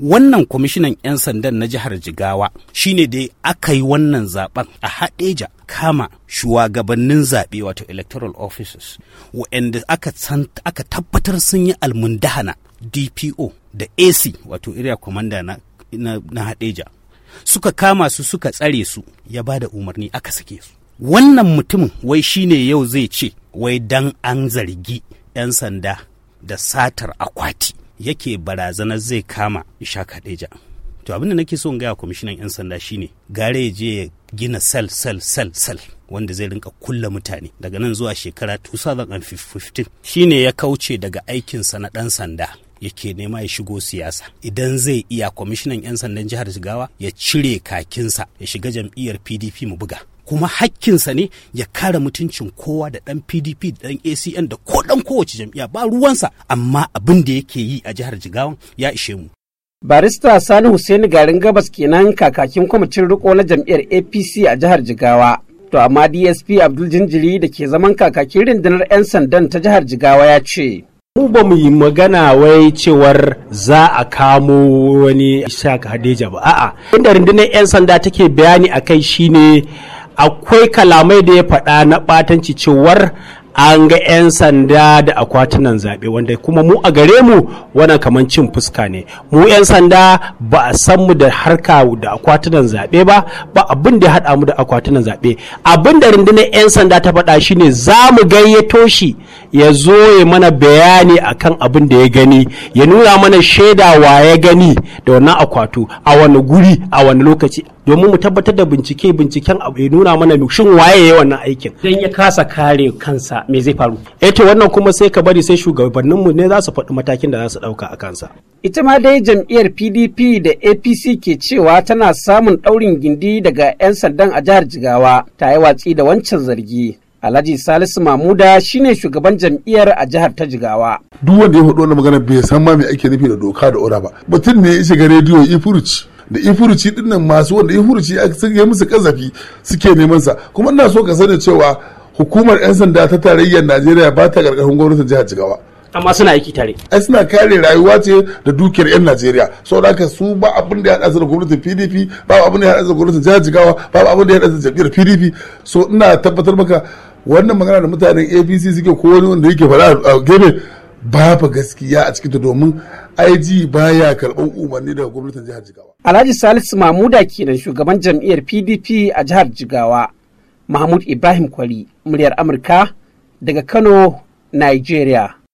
wannan kwamishinan 'yan sandan na jihar jigawa shine dai aka yi wannan zaben a haɗeja kama shugabannin zaɓe wato electoral offices waɗanda aka tabbatar sun yi almundahana dpo da ac wato area commander na, na, na haɗeja suka kama su suka tsare su ya ba da umarni aka sake su wannan mutumin wai shine yau zai ce wai dan an zargi 'yan sanda da satar akwati yake barazanar zai kama isha kadeja to abin da nake so in gaya kwamishinan 'yan sanda shine gare ya je ya gina sel sel sel sel wanda zai rinka kulla mutane daga nan zuwa shekara 2015 shine ya kauce daga aikinsa na ɗan sanda yake nema ya shigo siyasa idan zai iya kwamishinan 'yan sandan jihar jigawa ya cire kakinsa ya shiga jam'iyyar pdp mu buga kuma hakkinsa ne ya kare mutuncin kowa da ɗan pdp da ɗan acn da ko ɗan kowace jam'iyya ba ruwansa amma abin da yake yi a jihar jigawa ya ishe mu barista sani hussein garin gabas kenan kakakin kwamitin riko na jam'iyyar apc a jihar jigawa to amma dsp abdul jinjiri da ke zaman kakakin rundunar 'yan sandan ta jihar jigawa ya ce mu ba mu yi magana wai cewar za a kamo wani shak hadeja ba a'a inda rundunar 'yan sanda take bayani a kai shine akwai kalamai da ya faɗa na ɓatanci cewar an ga 'yan sanda da akwatunan zaɓe wanda kuma mu a gare mu wana kamar cin fuska ne mu 'yan sanda ba a san mu da harka da akwatunan zaɓe ba ba abin da haɗa mu da akwatunan zaɓe abin da rundunar 'yan sanda ta faɗa shi ne za mu gayyato shi ya zo ya mana bayani akan abin da ya gani ya nuna mana shaida wa ya gani da wannan akwatu a wani guri a wani lokaci domin mu tabbatar da bincike binciken abu ya nuna mana shin waye ya wannan aikin idan ya kasa kare kansa me zai faru eh to wannan kuma sai ka bari sai shugabannin mu ne za su faɗi matakin da za su ɗauka a kansa ita ma dai jam'iyyar PDP da APC ke cewa tana samun ɗaurin gindi daga 'yan sandan a jihar Jigawa ta yi watsi da wancan zargi Alhaji Salisu Mamuda shine shugaban jam'iyyar a jihar ta Jigawa. Duk wanda ya faɗo wannan magana bai san ma me ake nufi da doka da ora ba. Mutum ne ya shiga rediyo ya furuci. da ifurici din nan masu wanda ifuruci sun yi musu kazafi suke neman sa kuma ina so ka sani cewa hukumar 'yan sanda ta tarayyar najeriya ba ta karkashin gwamnatin jihar jigawa amma suna aiki tare ai suna kare rayuwa ce da dukiyar yan najeriya saboda da su ba abin da ya hada da gwamnatin pdp ba abin da ya hada da gwamnatin jihar jigawa ba abin da ya hada da jam'iyyar pdp so ina tabbatar maka wannan magana da mutanen apc suke ko wani wanda yake faɗa a gefe fa gaskiya a cikin domin IG baya karɓar umarni daga gwamnatin jihar Jigawa. Alhaji Salisu Mahmuda kenan shugaban jam'iyyar PDP a jihar Jigawa. Mahmud Ibrahim Kwari, muryar Amurka daga Kano, Nigeria.